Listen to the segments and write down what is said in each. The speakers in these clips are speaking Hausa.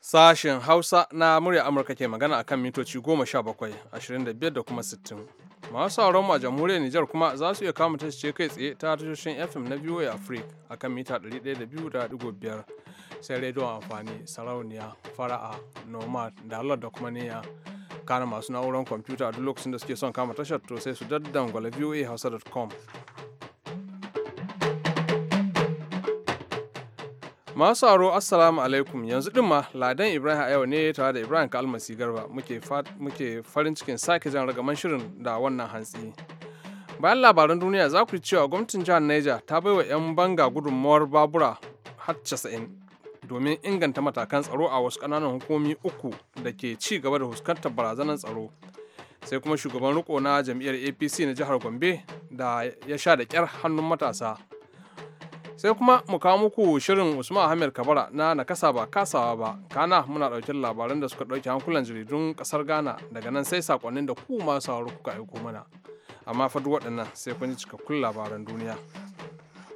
Sashen Hausa na murya Amurka ke magana akan mitoci goma bakwai ashirin da kuma 60. Masu sauran a jamhuriyar Nijar kuma za su iya kama tashoce kai tsaye ta tashoshin FM na VOA Africa akan mita 102.5 sai rediyon amfani sarauniya fara'a nomad da da kuma niyya kana masu na'urar kwamfuta duk lokacin da suke son kama tashar to sai su daddangwala voahausa.com masu aro assalamu alaikum yanzu din ma ladan ibrahim ayo ne tare da ibrahim kalmasi garba muke farin cikin sake jan ragaman shirin da wannan hantsi bayan labaran duniya za ku cewa gwamnatin jihar niger ta baiwa 'yan banga gudunmawar babura har 90 domin inganta matakan tsaro a wasu ƙananan hukumomi uku da ke ci gaba da fuskantar barazanar tsaro sai kuma shugaban riko na jam'iyyar apc na jihar gombe da ya sha da kyar hannun matasa sai kuma mu kawo muku shirin usman ahmed kabara na nakasa ba kasawa ba kana muna ɗauke labaran da suka ɗauki hankulan jaridun kasar ghana daga nan sai sakonnin da ku masu sauraro kuka aiko mana amma fa duk waɗannan sai kun ji cikakkun labaran duniya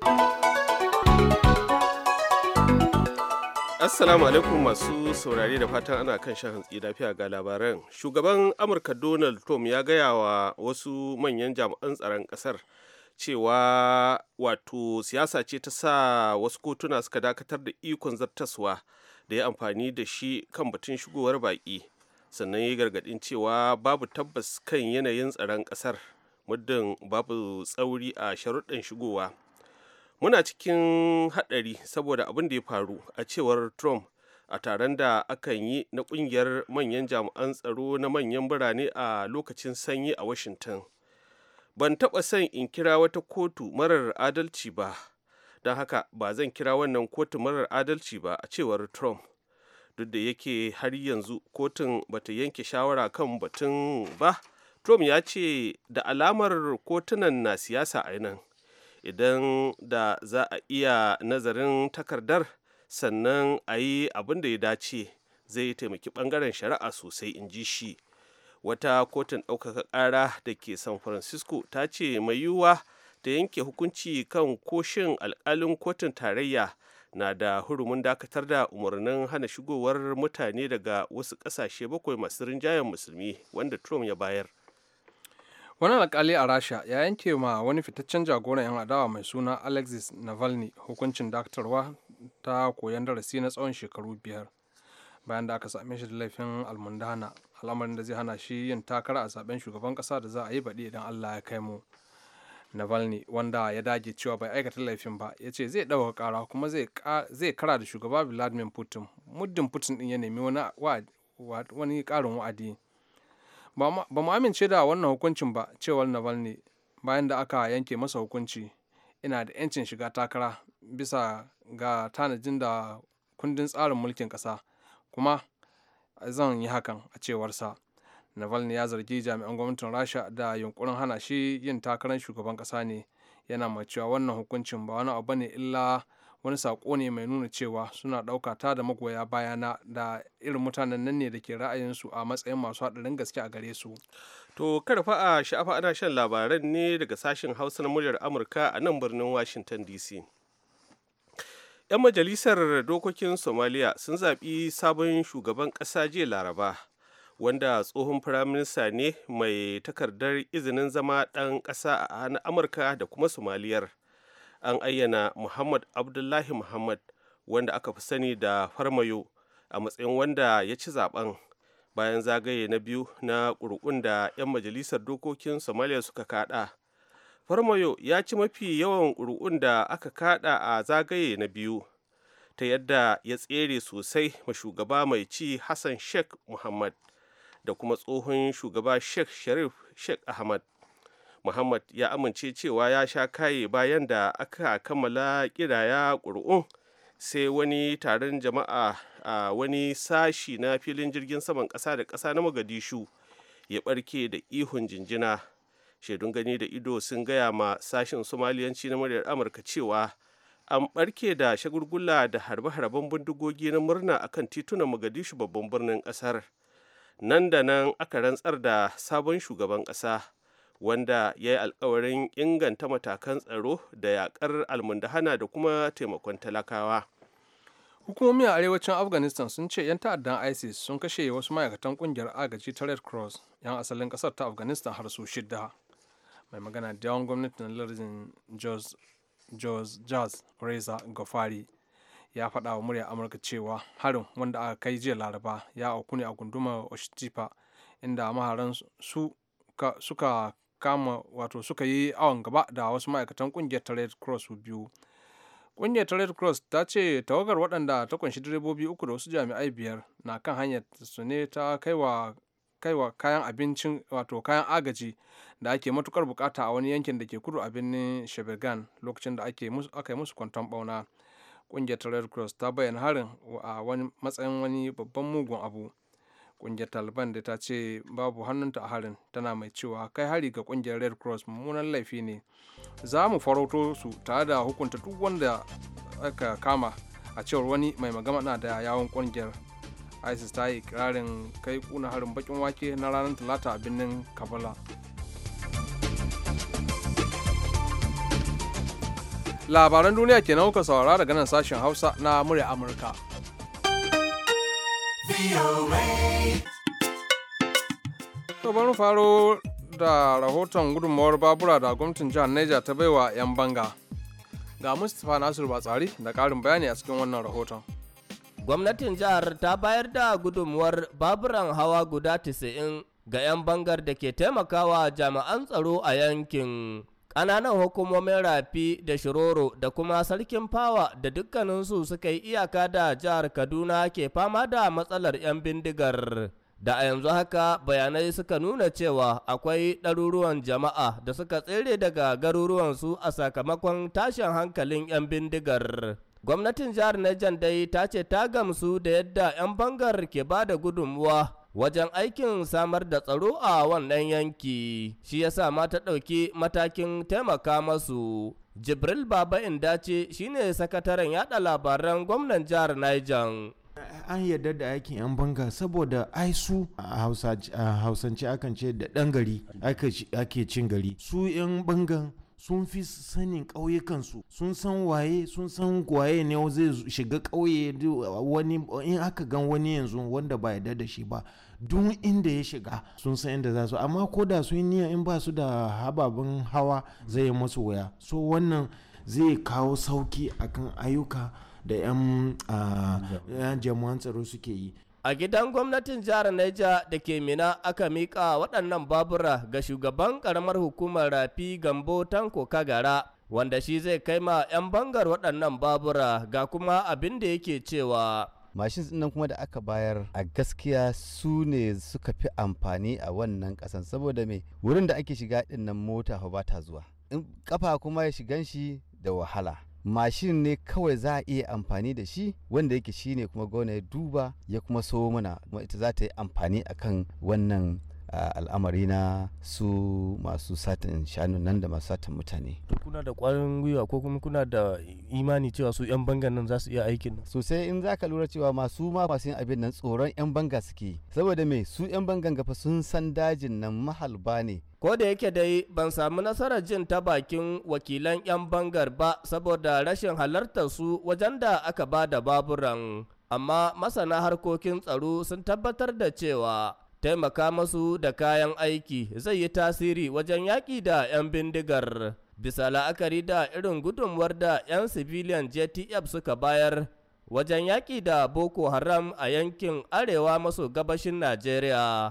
thank you Assalamu alaikum masu saurare da fatan ana kan shan hantsi lafiya ga labaran. Shugaban Amurka Donald Trump ya gaya wa wasu manyan jami'an tsaron kasar cewa wato siyasa ce ta sa wasu kotuna suka dakatar da ikon zartaswa da ya amfani da shi kan batun shigowar baƙi. Sannan ya gargaɗin cewa babu tabbas kan yanayin tsaron kasar muddin babu tsauri a sharuɗan shigowa. muna cikin haɗari saboda abin da ya faru a cewar trump a taron da akan yi na ƙungiyar manyan jami'an tsaro na manyan birane a lokacin sanyi a washington ban taɓa son in kira wata kotu marar adalci ba don haka ba zan kira wannan kotu marar adalci ba a cewar trump duk da yake har yanzu kotun bata yanke shawara kan batun ba trump ya ce da alamar kotunan na siyasa a nan idan da za a iya nazarin takardar sannan a yi abin da ya dace zai taimaki bangaren shari'a sosai in ji shi wata kotun ɗaukaka ƙara da ke san francisco ta ce mai yiwuwa ta yanke hukunci kan koshin alƙalin kotun tarayya na da hurumin dakatar da umarnin hana shigowar mutane daga wasu ƙasashe bakwai masu rinjayen musulmi wanda trump ya bayar wani alkali a rasha ya yanke ma wani fitaccen jagoran 'yan adawa mai suna alexis navalny hukuncin dakatarwa ta koyon darasi na tsawon shekaru biyar bayan da aka same shi da laifin almundana al'amarin da zai hana shi yin takara a zaben shugaban kasa da za a yi baɗi idan allah ya kai mu navalny wanda ya dage cewa bai aikata laifin ba ya ce zai ɗauka kara kuma zai kara da shugaba vladimir putin muddin putin ɗin ya nemi wani karin wa'adi ba mu amince da wannan hukuncin ba cewar navalny bayan da aka yanke masa hukunci ina da 'yancin shiga takara bisa ga tanajin da kundin tsarin mulkin ƙasa kuma zan yi hakan a cewarsa navalny ya zargi jami'an gwamnatin rasha da yunkurin hana shi yin takarar shugaban ƙasa ne yana mai cewa wannan hukuncin ba wani abu ne illa wani sako ne mai nuna cewa suna ɗauka ta da magoya bayana da irin mutanen nan ne da ke ra'ayinsu a matsayin masu haɗarin gaske a gare su. To karfa a sha'afa ana shan labaran ne daga sashen Hausa na muryar Amurka a nan birnin Washington DC. 'Yan majalisar dokokin Somaliya sun zaɓi sabon shugaban ƙasa jiya Laraba. wanda tsohon firaminista ne mai takardar izinin zama ɗan ƙasa a amurka da kuma somaliyar an ayyana muhammad abdullahi muhammad wanda aka fi sani da farmayo a matsayin wanda ya ci zaben bayan zagaye na biyu na ƙuri'un da 'yan majalisar dokokin somalia suka kada farmayo ya ci mafi yawan ƙuri'un da aka kada a zagaye na biyu ta yadda ya tsere sosai ma shugaba mai ci hassan sheikh muhammad da kuma tsohon shugaba sheikh sharif sheikh ahmad muhammad ya amince cewa ya sha kaye bayan da aka kammala kiraya ƙuri'un sai wani taron jama'a a wani sashi na filin jirgin saman ƙasa da ƙasa na mogadishu ya ɓarke da ihun jinjina shaidun gani da ido sun gaya ma sashin somaliyanci na muryar amurka cewa an ɓarke da shagulgula da harbe-harben bindigogi na murna akan titunan mogadishu babban birnin ƙasar nan da nan aka rantsar da sabon shugaban ƙasa wanda ya yi alkawarin inganta matakan tsaro da yakar almundahana da kuma taimakon talakawa hukumomi a arewacin afghanistan sun ce 'yan ta'addan isis sun kashe wasu ma'aikatan kungiyar agaji ta red cross 'yan asalin kasar ta afghanistan har su shida mai magana da yawan gwamnatin lardin jos jazz reza gofari ya faɗa wa murya amurka cewa harin wanda aka kai jiya laraba ya auku ne a gundumar oshtipa inda maharan su suka kama wato suka yi awon gaba da wasu ma'aikatan kungiyar ta red cross biyu kungiyar ta red cross ta ce tawagar waɗanda ta kunshi direbobi uku da wasu jami'ai biyar na kan hanyar su ne ta kaiwa kaiwa kayan abincin wato kayan agaji da ake matukar bukata a wani yankin da ke kudu a birnin shebegan lokacin da ake aka yi musu kwanton bauna kungiyar ta red cross ta bayyana harin a matsayin wani babban mugun abu kungiyar taliban da ta ce babu hannunta a harin tana mai cewa kai hari ga kungiyar red cross mummunan laifi ne za mu farauto su tare da hukunta duk wanda aka kama a cewar wani mai magana da yawon kungiyar isis ta yi kirarin kai kuna harin bakin wake na ranar talata a birnin kabala labaran duniya kenan kuka saurara daga nan sashen hausa na murya amurka To bari faro da rahoton gudunmawar babura da gwamnatin jihar Niger ta baiwa 'yan banga. Ga Mustapha Nasiru Batsari da ƙarin bayani a cikin wannan rahoton. Gwamnatin jihar ta bayar da gudunmuwar baburan hawa guda 90 ga 'yan bangar da ke taimakawa jami'an tsaro a yankin. Ana nan hukumomin rafi da shiroro da kuma sarkin fawa da dukkaninsu suka yi iyaka da jihar kaduna ke fama da matsalar 'yan bindigar da a yanzu haka bayanai suka nuna cewa akwai ɗaruruwan jama'a da suka tsere daga garuruwansu a sakamakon tashin hankalin 'yan bindigar gwamnatin jihar Niger dai ta ce ta gamsu da yadda 'yan bangar ke ba da gudunmuwa wajen aikin samar da tsaro a wannan yanki shi yasa ma ta ɗauki matakin taimaka masu jibril baba indace shine sakataren yada labaran gwamnan jihar niger an yarda da aikin 'yan banga saboda ai su a hausance akan ce da ɗan gari ake cin gari su 'yan bangan sun fi sanin ƙauyukansu sun san waye sun san waye ne zai shiga ƙauye wani in aka gan wani yanzu wanda ba yarda da shi ba duk inda ya shiga sun san inda za su amma ko da sun niyya in ba su da hababin hawa zai yi musu waya so wannan zai kawo sauki akan ayyuka da 'yan ah, jama'an tsaro suke yi A gidan gwamnatin jihar Niger da ke mina aka miƙa waɗannan babura ga shugaban ƙaramar hukumar rafi Gambo Tanko Kagara, wanda shi zai kai ma 'yan bangar waɗannan babura ga kuma abin da yake cewa. mashins nan kuma da aka bayar a gaskiya su ne suka fi amfani a wannan ƙasan saboda me wurin da ake shiga ɗin nan mota ba ta zuwa in kafa kuma ya shigan shi da wahala mashin ne kawai za a iya amfani da shi wanda yake ne kuma gwamna ya duba ya kuma so mana ita za ta yi amfani akan wannan al'amari na su masu satin shanu nan da masu satin mutane. To kuna da kwarin gwiwa ko kuma kuna da imani cewa su 'yan bangan nan za su iya aikin nan? Sosai in za ka lura cewa masu ma masu yin abin nan tsoron 'yan banga suke. Saboda me su 'yan bangan gafa sun san dajin nan mahalba ne. Ko da yake dai ban samu nasarar jin ta bakin wakilan 'yan bangar ba saboda rashin halartar su wajen da aka ba da baburan. Amma masana harkokin tsaro sun tabbatar da cewa taimaka masu da kayan aiki zai yi tasiri wajen yaƙi da 'yan bindigar bisa la'akari da irin gudunmuwar da 'yan civilian jtf suka bayar wajen yaƙi da boko haram a yankin arewa maso gabashin nigeria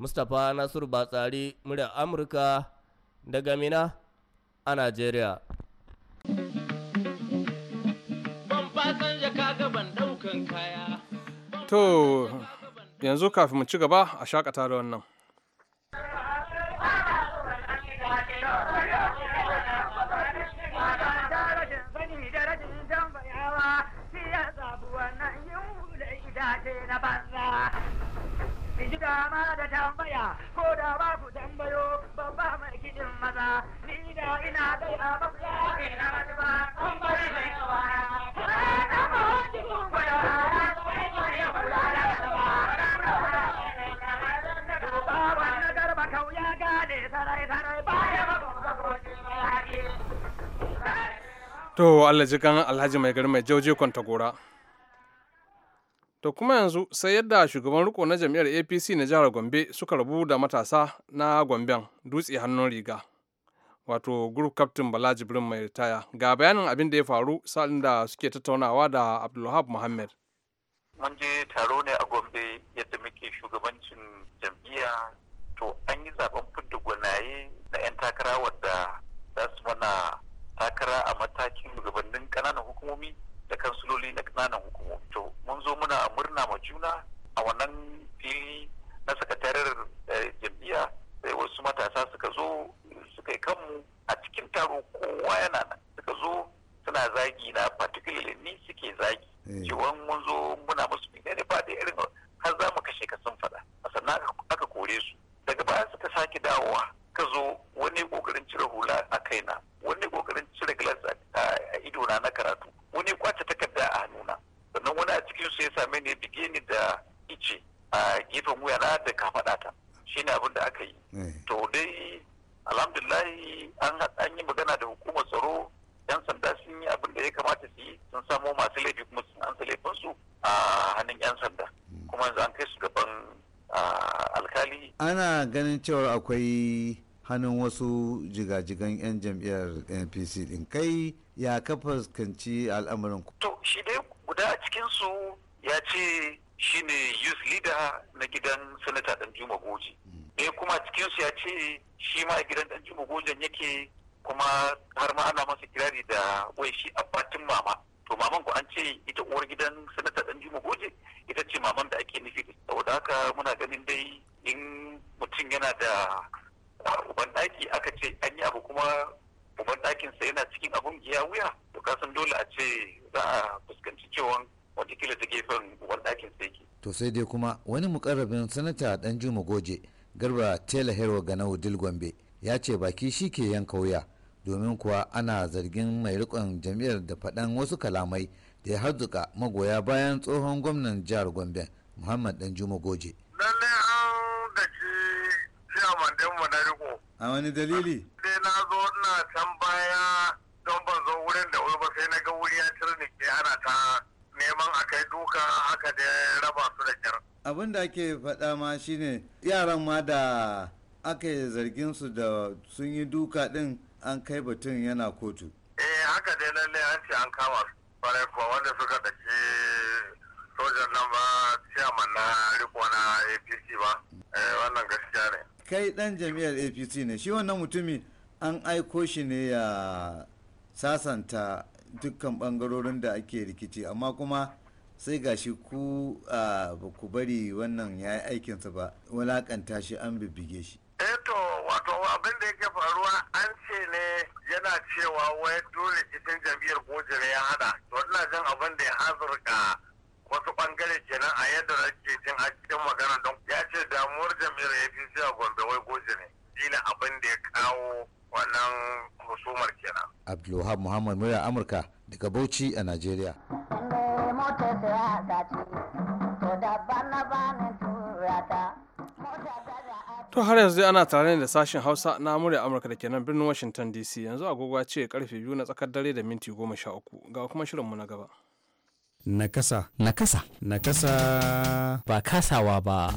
mustapha nasiru batsari murya amurka daga mina a nigeria to yanzu kafin mu ci gaba a shakata da wannan dama da tambaya ko da babu tambayo babba mai kiɗin maza ni da ina kai a babba ina To Allah ji kan Alhaji mai gari mai jauje gora. To kuma yanzu sai yadda shugaban riko na jam'iyyar APC na jihar Gombe suka rabu da matasa na Gomben dutse hannun riga. Wato group captain Bala Jibrin mai ritaya. Ga bayanin abin da ya faru sa'in da suke tattaunawa da Abdulwahab Muhammad. Mun je taro ne a Gombe yadda muke shugabancin jam'iyya to an yi zaben fidda gwanaye na 'yan takara wadda za su mana takara a matakin shugabannin kananan hukumomi da kansuloli na kananan hukumomi to mun zo muna murna ma juna a wannan fili na eh, da jam'iyya sai wasu matasa suka zo suka yi kanmu a cikin taro kowa yana nan suka zo suna zagi na particularly ni suke zagi eh. cewan mun zo muna musu ne ba da irin har za mu kashe ka sun faɗa sannan aka kore su daga baya suka sake dawowa ka zo wani kokarin cire hula a kaina wani kokarin cire glass a idona na karatu wani kwace takarda a hannuna sannan wani a cikin su ya same ni bige ni da ice a gefen wuyana da kafaɗata shine abin da aka yi eh. to dai alhamdulillahi an yi magana ganin cewar akwai hannun wasu jigajigan 'yan jam'iyyar npc din kai ya kafa kanci al'amarin ku. to shi dai guda a cikinsu ya ce shi ne youth leader na gidan sanata dan juma goji ne kuma cikinsu ya ce shi ma gidan dan juma gojen yake kuma har ma ana masa kirari da wai shi abatin mama to maman ku an ce ita uwar gidan sanata da da ɗaki aka ce an yi abu kuma banɗakin sa yana cikin abun giya wuya to kasan dole a ce za a fuskanci cewa kila ta gefen banɗakin sa yake. to sai dai kuma wani mukarrabin sanata dan juma goje garba tela herwa na wudil gombe ya ce baki shi ke yanka wuya domin kuwa ana zargin mai rikon jam'iyyar da faɗan wasu kalamai da ya harzuka magoya bayan tsohon gwamnan jihar gombe muhammad dan juma goje. Lalle ciyaman mu na riko. A wani dalili? Sai na zo ina can baya don ban zo wurin da wani ba sai na ga wuri ya ni ke ana ta neman a kai duka haka da raba su da kyar. Abin da ake faɗa ma shine yaran ma da aka zargin su da sun yi duka ɗin an kai batun yana kotu. Eh haka dai lallai an ce an kama su. Kwarai kuwa wanda suka daki sojan nan ba ciyaman na riko na APC ba. Eh, wannan gaskiya ne kai dan jam'iyyar apc ne shi wannan mutumi an aiko shi ne ya sasanta dukkan bangarorin da ake rikici amma kuma sai ga shi ku ba ku bari wannan ya yi aikinsa ba walakanta shi an bibige shi eto eh wato abin da yake faruwa an ce ne yana cewa wai dole cikin jam'iyyar gojira ya hada to ina jin abin da ya hazurka wasu bangare kenan a yadda nake cin a cikin magana don ya ce damuwar jami'ar APC a Gombe wai goje ne shine abin da ya kawo wannan musumar kenan. Abdulwahab Muhammad Murya Amurka daga Bauchi a Najeriya. To har yanzu ana tare da sashen Hausa na murya Amurka da kenan birnin Washington DC yanzu agogo ce karfe biyu na tsakar dare da minti goma sha uku ga kuma shirin mu na gaba. Nakasa. Nakasa. Nakasa. Ba kasawa ba.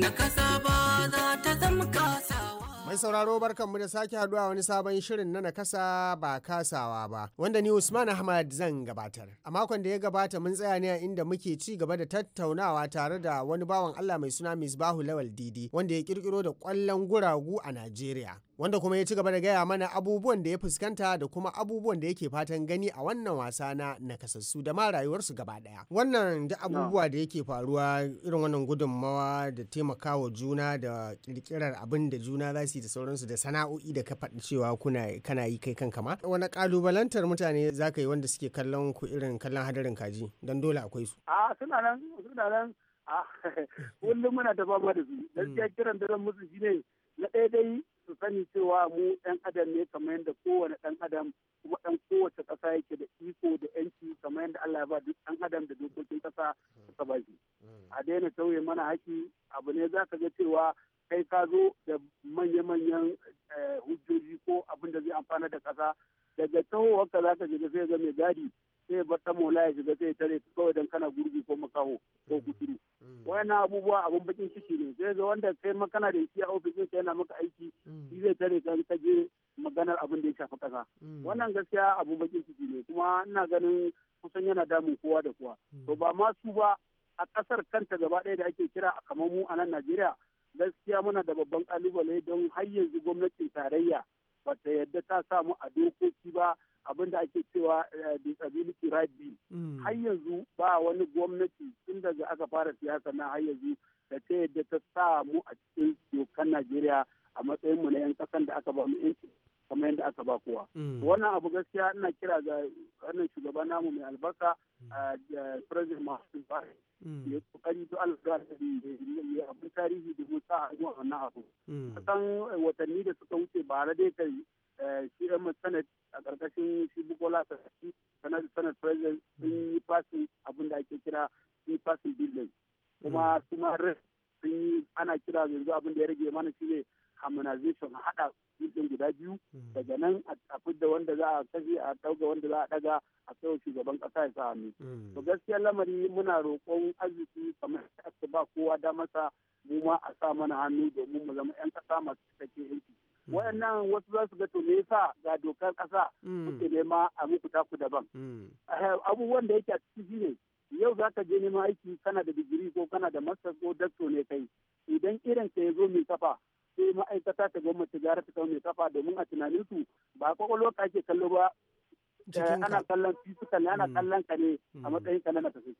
Nakasa ba za ta zama kasawa. Mai sauraro barkanmu da sake haduwa wani sabon shirin na nakasa ba kasawa ba wanda ni Usman Ahmad zan gabatar. A makon da ya gabata mun tsaya ne a inda muke ci gaba da tattaunawa tare da wani bawan Allah mai suna Misbahu Lawal Didi wanda ya kirkiro da kwallon guragu a Najeriya. wanda kuma ya ci gaba da gaya mana abubuwan da ya fuskanta da kuma abubuwan da yake fatan gani a wannan wasa na nakasassu da ma rayuwarsu gaba daya wannan da abubuwa da yake faruwa irin wannan gudunmawa da taimakawa juna da kirkirar abin da juna za su yi da sauransu da sana'o'i da ka faɗi cewa kuna kana yi kai kanka ma wani kalubalantar mutane za ka yi wanda suke kallon ku irin kallon hadarin kaji don dole akwai su a suna nan suna nan kullum muna da fama da su hmm. gaskiya kiran da zan musu shine na ɗaya dai su sani cewa mu ɗan adam ne kamar yadda kowane ɗan adam kuma ɗan kowace ƙasa yake da iko da yanci kamar yadda Allah ya ba duk ɗan adam da dokokin ƙasa suka ba shi. A daina sauye mana haƙi abu ne za ka ga cewa kai ka zo da manya-manyan eh, hujjoji ko abin da zai amfana da ƙasa daga ka za ka ga sai ga mai gadi sai bar ta mola ya shiga sai tare kawai dan kana gurbi ko makaho ko kuturu mm. wayannan abubuwa abun bakin ciki ne sai ga wanda kai makana da shi a ofisin sai yana maka aiki mm. shi zai tare ka ta je maganar abin da ya shafi kasa mm. wannan gaskiya abun bakin ciki ne kuma ina ganin kusan yana damun kowa da kowa to ba ma su ba a kasar kanta gaba ɗaya da ake kira a kamar mu a nan Najeriya gaskiya muna da babban kalubale don har yanzu gwamnatin tarayya bata yadda ta samu a dokoki ba abin da ake cewa eh, disability right bill hmm. har yanzu ba wani gwamnati tun daga aka fara siyasa na har yanzu da ta yadda ta sa mu a cikin dokan najeriya a matsayin mu na yan kasan da aka ba mu yanci kamar yadda aka ba kowa hmm. wannan abu gaskiya ina kira ga wannan shugaba namu mai albarka hmm. eh, da president mahaifin bari ya kokari to alƙa ya abin tarihi mu sa a wannan abu kasan watanni da suka wuce bara dai kai Eh, shi yan senate a ƙarƙashin shi bukola sarki sanar senate president sun yi fasin abin da ake kira sun yi fasin building kuma kuma mm. sun yi ana kira yanzu abin da ya rage mana shi ne harmonization haɗa ɗin guda biyu mm. daga nan a fidda wanda za a kashe a ɗauka wanda za a ɗaga a kai shugaban ƙasa ya sa hannu. Mm. To gaskiya lamari muna roƙon arziki kamar aka ba kowa sa mu ma a sa mana hannu domin mu zama 'yan ƙasa masu cikakken yanki. Mm. wayannan wasu za su ga to me yasa ga dokar kasa kuke mm. nema a muku taku daban mm. eh, abubuwan da yake a ciki shine yau za ka je neman aiki kana da digiri ko kana da master ko dakto ne kai idan irin ka ya zo mai kafa sai ma'aikata ta gwamnati gara ta mai kafa domin a tunanin su ba kwakwalwa ka ake kallo ba eh, ana kallon fisukan ne ana kallon ka ne a matsayin ka na tafi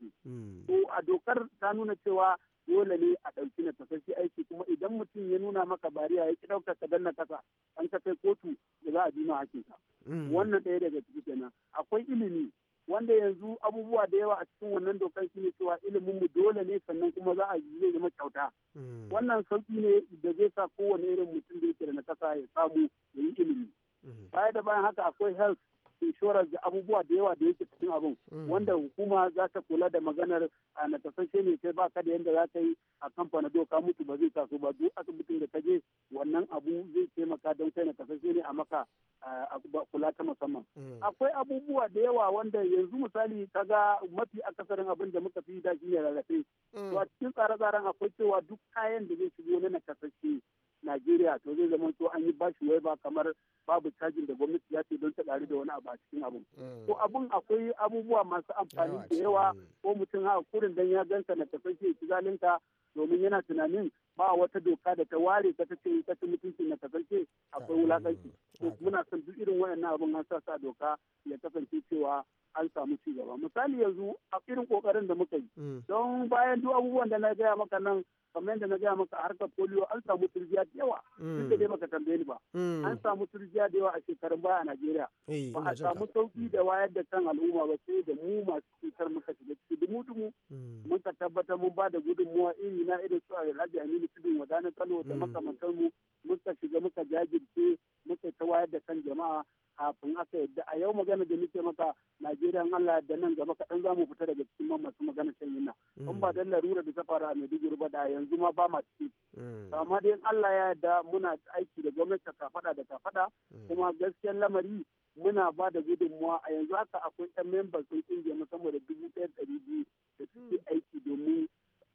to a dokar ta nuna cewa dole ne a ɗauki na tafashi aiki kuma idan mutum ya nuna maka bariya ya ki ɗaukar ka danna kasa an ka kai kotu da za a bi ma ka. Mm. Wannan ɗaya daga ciki kenan. Akwai ilimi wanda yanzu abubuwa da yawa a cikin wannan dokar shine cewa ilimin mu dole ne sannan kuma za a zai zama kyauta. Mm. Wannan sauki ne da zai sa kowane irin mutum da yake da na kasa ya samu ya yi ilimi. Mm. Baya da bayan haka akwai health inshorar da abubuwa da yawa da yake cikin abin mm. wanda hukuma za ta kula da maganar a natasashe ne sai baka da yadda za ka yi a kan fanado ka mutu ba zai taso ba duk asibitin da ka je wannan abu zai taimaka don kai natasashe ne a maka a kula ta musamman mm. akwai abubuwa da yawa wanda yanzu misali ka ga mafi akasarin abin da muka fi da shi ne rarrafe mm. to a cikin tsare-tsaren akwai cewa duk kayan da zai shigo na natasashe Najeriya to zai zama to an yi bashi wai ba kamar babu cajin da gwamnati ya ce don ta da wani abu a cikin abu. Mm. To abun akwai abubuwa masu amfani da yawa ko mutum haka kurin dan ya gansa na shi ci zalinta domin yana tunanin ba wata doka da ta ware ta ta ce ta ci mutunci na kasance akwai mm. wulakanci. To muna son duk irin wayannan abun an sa sa doka ya kasance cewa an samu ci gaba misali yanzu a irin kokarin da muka yi mm. don bayan duk abubuwan da na gaya maka nan kamar yadda na gaya maka harkar polio an samu turjiya da yawa mm. duk da dai maka tambaye ni ba mm. an samu turjiya da yawa a shekarun baya a Najeriya eh, ba a samu sauki da wayar da kan al'umma ba sai da mu masu cutar muka shiga ciki dumu dumu mm. mun ka tabbatar mun ba da gudunmuwa iri na irin su Alhaji Aminu Tudun Wadanin Kano da makamantan mu mun ka shiga muka jajirce muka ta wayar da kan jama'a kafin aka yadda a yau magana da muke maka Najeriya Allah da nan gaba kaɗan za mu fita daga cikin masu magana shan yunna Mm. in ba dan larura da ta faru a Maiduguri ba da yanzu ma ba ma ciki mm. amma dai Allah ya yarda muna aiki da gwamnati ta fada da ta fada. Mm. kuma gaskiyar lamari muna ba da gudunmuwa a yanzu haka akwai yan members sun kungiya sama da dubu ɗaya ɗari biyu da suke aiki domin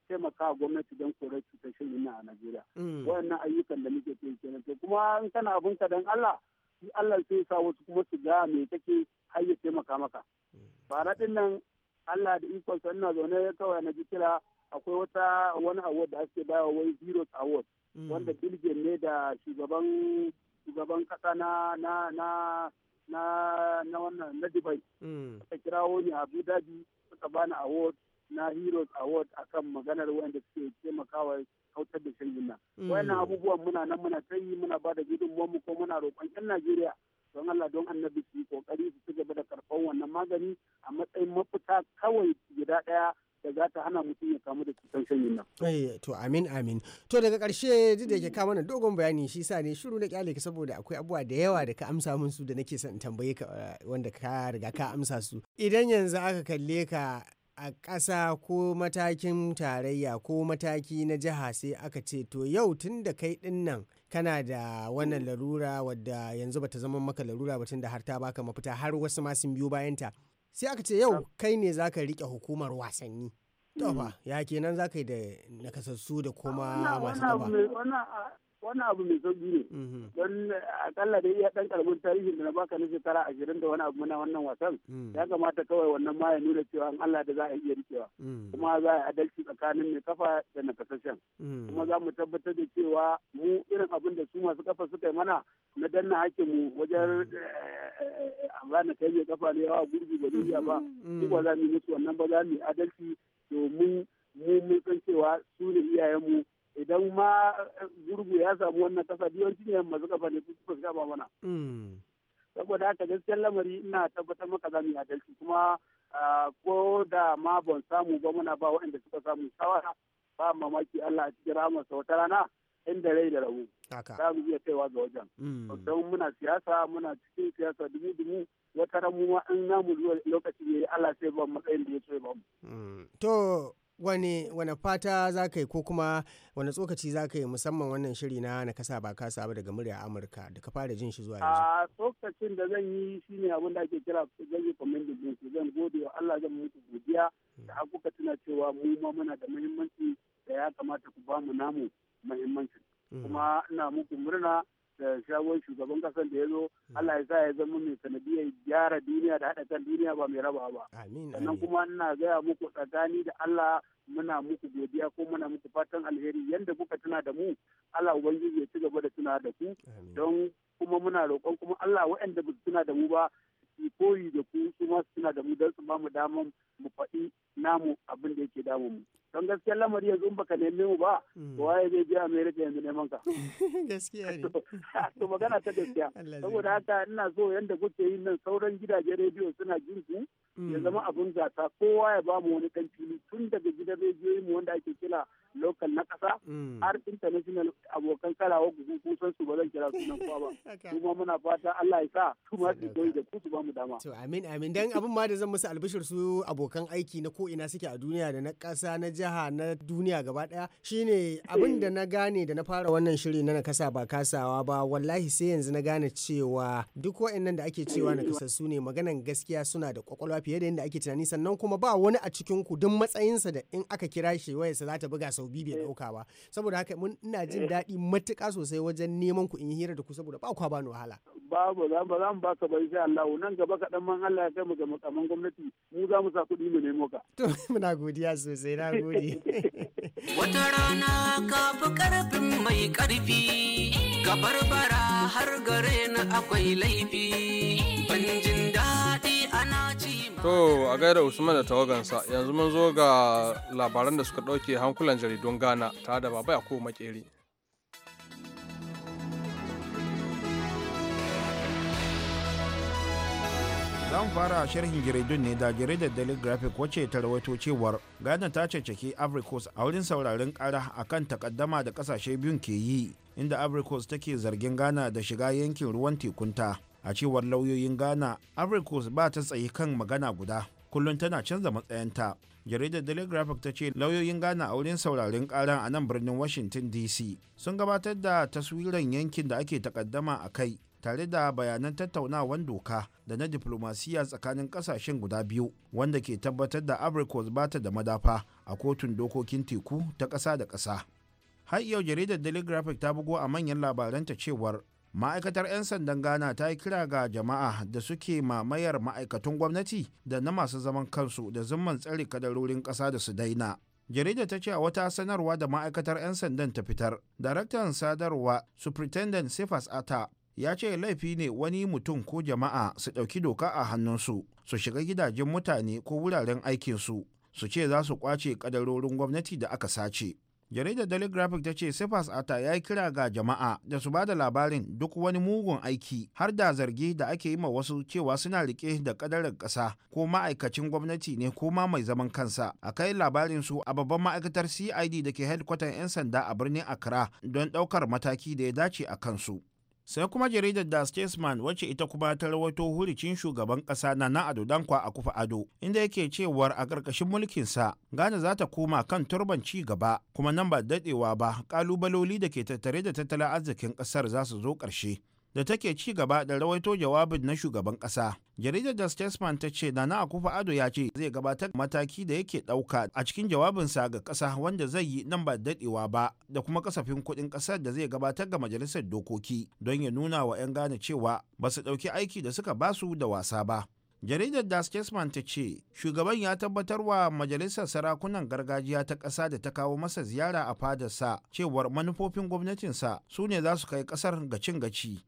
taimaka gwamnati don korar cutar shirin na a Najeriya. Wannan ayyukan da muke cikin kenan to kuma in kana abin ka dan Allah Allah sai sa wasu kuma su ga me kake har ya taimaka maka. Bara ɗin nan Allah da ikon sa ina zaune kawai na ji kira akwai wata wani award da ake bawa wai Zeros Award mm. wanda bilgen ne da shugaban shugaban kasa na na na na na wannan na Dubai mm. kirawo ni Abu Dhabi suka bani award na Heroes Award akan maganar wanda suke taimakawa kautar da shirin nan. Mm. Wayannan abubuwan muna nan muna ta muna ba da gudunmuwan mu ko muna roƙon 'yan Najeriya don Allah don annabi su yi kokari su ci gaba da karɓar wannan magani a matsayin mafita kawai gida ɗaya da za ta hana mutum ya kamu da cutar sanyin nan. Ai eh, to amin amin. To daga karshe duk da ke kama na dogon bayani shi sa ne shiru na kyale ka saboda akwai abubuwa da yawa da ka amsa min su da nake son tambaye ka eh, wanda ka riga ka amsa su. Idan yanzu aka kalle ka a ƙasa ko matakin tarayya ko mataki na jiha sai aka ce to yau tun da kai ɗin nan kana da wannan larura wadda yanzu bata zama maka larura ba tunda har ta baka mafita har wasu ma sun biyo bayanta sai aka ce yau kai ne zaka rike hukumar wasanni to hmm. ya kenan zaka yi da nakasassu da kuma masu kafa wani abu mai sauki ne mhm. don akalla da iya ɗan karbin tarihin da na baka na shekara ashirin da wani abu muna wannan wasan mhm. ya kamata kawai wannan ma ya nuna cewa Allah da za a iya rikewa mhm. kuma za a adalci tsakanin mai kafa da nakasashen kuma za mu tabbatar da cewa mu irin abin da su masu kafa suka yi mana na danna hake mu wajen eh, eh, rana kai mai kafa ne yawa gurbi ba zai ba su ba za mu yi musu wannan ba za mu yi adalci domin mu mun san cewa su ne iyayenmu idan ma eh, gurgu ya samu wannan kasa yawanci ne yamma suka fane su suka gaba mana hmm. saboda haka gaskiyar lamari ina tabbatar maka zamu yi adalci kuma ah, ko da ma ban samu ba muna ba waɗanda suka samu shawara ba mamaki Allah a cikin sau wata rana inda rai da rabu za mu iya kaiwa ga wajen hmm. don muna siyasa muna cikin siyasa dubu dubu wata ramuwa in namu lokaci ne Allah sai ban matsayin da ya so mu hmm. to wani wani fata za ka yi ko kuma wani tsokaci za ka yi musamman wannan shiri na na kasa ba kasa ba daga murya amurka da ka fara jin shi zuwa yanzu a ah, tsokacin da zan yi shi ne abin da ake kira zan yi commended din zan gode wa Allah zan muku godiya da abubuwa tana cewa mu ma muna da muhimmanci da ya kamata ku bamu namu muhimmancin mm. kuma ina muku murna da shagon shugaban kasar da ya zo hmm. Allah ya sa ya zama mai sanadiyar gyara duniya da haɗa kan duniya ba mai raba ba sannan kuma ina gaya muku tsakani da Allah muna muku godiya ko muna muku fatan alheri yadda kuka tuna da mu Allah ubangiji ya ci gaba da tuna da ku don kuma muna roƙon kuma Allah waɗanda ba su tuna da mu ba su koyi da ku su su tuna da mu don su ba mu damar mu faɗi namu abin da yake damu mu don gaskiya lamari yanzu ba baka neme mu ba hmm. to waye zai je America yanzu neman ka gaskiya ne to magana ta gaskiya saboda haka ina so yanda kuke yin nan sauran gidajen rediyo suna jin ku ya mm. zama abun gasa kowa ya bamu wani dan fili tun daga gidan rediyoyin mu wanda ake kira lokal na kasa mm. har international abokan karawa gugu kusan su ba zan kira sunan kowa ba kuma muna fata Allah ya sa su ma su koyi da su ba bamu dama to amin amin dan abun ma da zan musu albishir su abokan aiki na ko ina suke a duniya da na kasa na jiha na duniya gaba daya shine abin da na gane da na fara wannan shiri na na kasa ba kasawa ba wallahi sai yanzu na gane cewa duk wa'annan da ake cewa na su ne maganan gaskiya suna da kwakwalwa fiye da yadda ake tunani sannan kuma ba wani a cikin ku duk matsayinsa da in aka kira shi wayarsa za ta buga sau biyu bai dauka eh. ba saboda haka mun ina jin eh. daɗi matuƙa sosai wajen neman ku in hira da ku saboda ba ba ni wahala babu ba za mu baka ba insha Allah nan gaba kaɗan man Allah ya kai mu ga makaman gwamnati mu za mu sa kuɗi mu nemo ka to muna godiya sosai na gode wata rana ka fi karfin mai karfi ka barbara har gare na akwai laifi ban jin daɗi ana ci To a gaida Usman da tawagansa yanzu mun zo ga labaran da suka ɗauke hankulan jaridun Ghana tare da baba ko makeri. zan fara sharhin jaridun ne da jaridar daily graphic wacce ta rawaito cewar ghana ta cancaki africos a wurin sauraren kara a kan takaddama da kasashe biyun ke yi inda africos take zargin ghana da shiga yankin ruwan tekunta a cewar lauyoyin ghana africos ba ta tsaye kan magana guda kullum tana canza matsayanta jaridar daily graphic ta ce lauyoyin ghana a wurin sauraren karan a nan birnin washington dc sun gabatar da taswiran yankin da ake takaddama a kai tare da bayanan tattaunawan doka da na diplomasiya tsakanin kasashen guda biyu wanda ke tabbatar da ba bata da madafa a kotun dokokin teku ta ƙasa da ƙasa har yau jaridar daily graphic ta bugo a manyan labaranta cewar ma'aikatar 'yan sandan ghana ta yi kira ga jama'a da suke mamayar ma'aikatun gwamnati da na masu zaman kansu da zumman tsare kadarorin ƙasa da su daina jarida ta ce a wata sanarwa da ma'aikatar 'yan sandan ta fitar daraktan sadarwa superintendent sifas ata ya ce laifi ne wani mutum ko jama'a su ɗauki doka a hannunsu su shiga gidajen mutane ko wuraren aikinsu su ce za su kwace kadarorin gwamnati da aka sace jaridar daily graphic ta ce sifas ata ya yi kira ga jama'a da su ba da labarin duk wani mugun aiki har da zargi da ake yi ma wasu cewa suna rike da kadarar ƙasa ko ma'aikacin gwamnati ne ko ma mai zaman kansa a kai labarin su a babban ma'aikatar cid da ke hedkwatan 'yan sanda a birnin accra don ɗaukar mataki da ya dace a kansu sai kuma jaridar da statesman wacce ita kuma ta rawaito hulicin shugaban kasa na na ado dankwa a kufa ado inda yake cewar a ƙarƙashin mulkinsa ghana za ta koma kan turban ci gaba kuma nan ba daɗewa ba ƙalubaloli da ke tattare da tattalin arzikin ƙasar za su zo ƙarshe da take ci gaba da rawaito jawabin na shugaban kasa jaridar da statesman ta ce nana akufa ado ya ce zai gabatar mataki da yake ɗauka a cikin jawabinsa ga ƙasa wanda zai yi nan ba daɗewa ba da kuma kasafin kuɗin ƙasar da zai gabatar ga majalisar dokoki don ya nuna wa 'yan gane cewa ba su ɗauki aiki da suka basu da wasa ba jaridar da statesman ta ce shugaban ya tabbatar wa majalisar sarakunan gargajiya ta ƙasa da ta kawo masa ziyara a fadarsa cewar manufofin gwamnatinsa su ne za su kai ƙasar ga cin gaci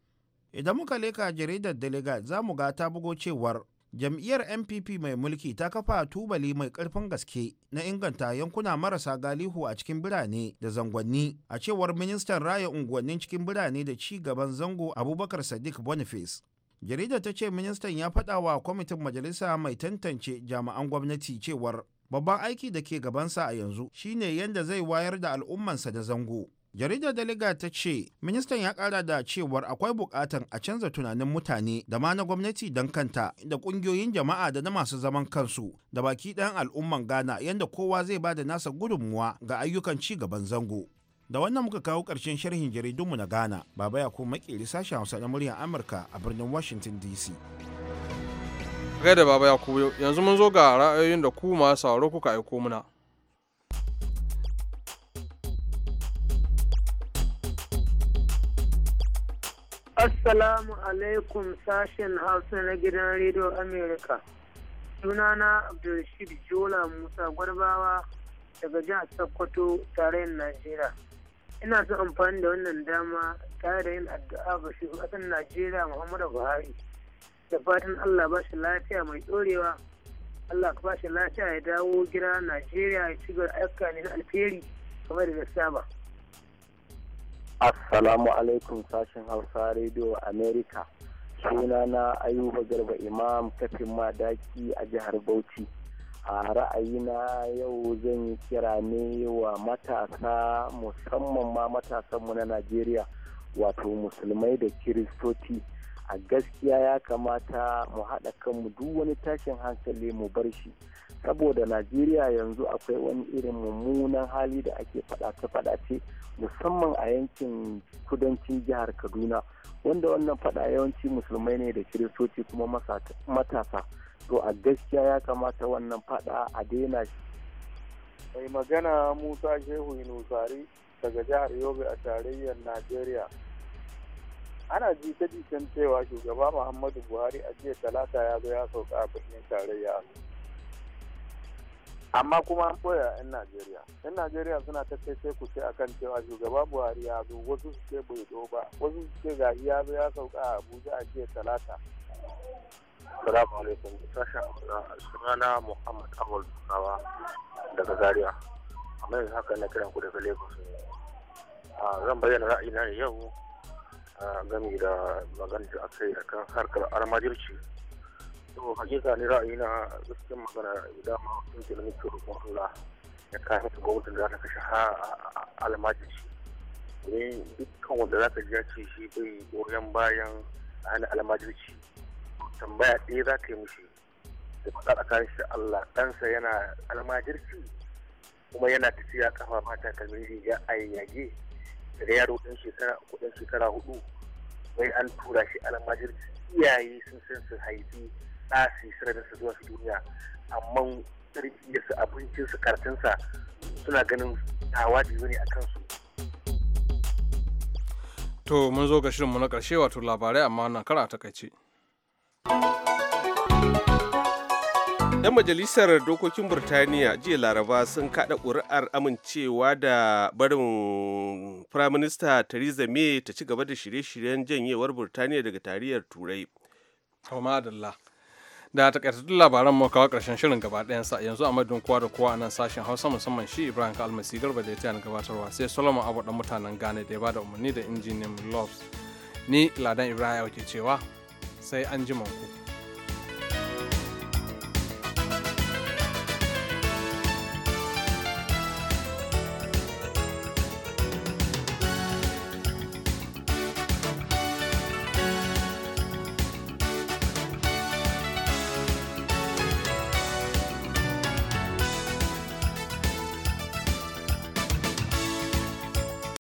idan muka leka jaridar delega za mu ga ta bugo cewar jam'iyyar npp mai mulki ta kafa tubali mai karfin gaske na inganta yankuna marasa galihu a cikin birane da zangonni a cewar ministan raya unguwannin cikin birane da ci gaban zango abubakar sadiq boniface jaridar ta ce ministan ya faɗa wa kwamitin majalisa mai tantance jami'an gwamnati cewar babban aiki da ke gabansa a yanzu shine yadda zai wayar da al'ummansa da zango jaridar daliga ta ce ministan ya kara da cewar akwai bukatan a canza tunanin mutane da ma na gwamnati don kanta da kungiyoyin jama'a da na masu zaman kansu da baki ɗayan al'umman ghana yadda kowa zai ba da nasa gudunmuwa ga ayyukan ci gaban zango da wannan muka kawo ƙarshen sharhin jaridunmu na ghana baba ya kuma makeri sashen hausa na muryar amurka a birnin washington dc gaida baba ya yanzu mun zo ga ra'ayoyin da ku masu sauro kuka aiko muna Assalamu alaikum sashen Hausa na gidan Radio Amerika. Sunana Abdulrashid Jola Musa Gwarbawa daga jihar Sokoto da Najeriya. Ina son amfani da wannan dama tare da yin addu'a ga shugaban Najeriya Muhammadu Buhari. Da fatan Allah ba shi lafiya mai ɗorewa. Allah ka ba shi lafiya ya dawo gida Najeriya ya ci gaba ayyuka ne na alheri kamar da saba. Assalamu alaikum sashen Hausa Radio America. Suna na Ayuba Garba Imam kafin madaki a jihar Bauchi. A ra'ayina yau zan yi kira ne wa matasa musamman ma matasanmu na Najeriya wato musulmai da kiristoci. A gaskiya ya kamata mu haɗa kanmu duk wani tashin hankali mu bar shi. saboda najeriya yanzu akwai wani irin mummunan hali da ake fadace-fadace musamman a yankin kudancin jihar kaduna wanda wannan fada yawanci musulmai ne da kiristoci kuma matasa to a gaskiya ya kamata wannan fada a daina shi mai magana musa shehu inusari daga jihar yobe a tarayyar najeriya ana jita-jitan cewa shugaba muhammadu buhari a jiya talata ya zo ya sauka a birnin tarayya amma kuma an koya 'yan najeriya yan najeriya suna ta sai kuce ce akan cewa shugaba buhari ya zo wasu su ce bai zo ba wasu su ce ga ya zo ya sauka a abuja a jiya talata salamu alaikum sashen sunana muhammad awal tunawa daga zaria amma yanzu haka na kiran ku daga lagos zan bayyana na yau game da magana da aka yi akan harkar almajirci to hakika ne ra'ayina gaskiyar magana idan ma sun ke Allah ya kawo gwamnatin da za kashe ha shi ne dukkan wanda za ka ji ce shi bai goyon bayan hana almajirci tambaya ɗaya za ka yi mishi da faɗa tsakanin shi Allah ɗansa yana almajirci kuma yana tafiya kafa mata kamar riga a yage daga yaro ɗan shekara kuɗin shekara hudu wai an tura shi almajirci iyaye sun san su haifi ɗa su yi zuwa su duniya amma su su su kartinsa suna ganin tawa da ne a kansu to mun zo ga shirinmu na ƙarshe wato labarai amma wannan kara ta kaice. 'Yan majalisar dokokin Burtaniya jiya Laraba sun kaɗa ƙuri'ar amincewa da barin Firaminista Theresa May ta ci gaba da shirye-shiryen janyewar Burtaniya daga tariyar Turai. Kama da takaitattun labaran mu kawo karshen shirin gaba ɗayan sa yanzu a madadin kowa da kowa a nan sashen Hausa musamman shi Ibrahim Kalmasi Garba da ya gabatarwa sai Solomon Abu dan mutanen Ghana da ya bada umarni da injiniyan loves ni Ladan Ibrahim ke cewa sai an ji ku.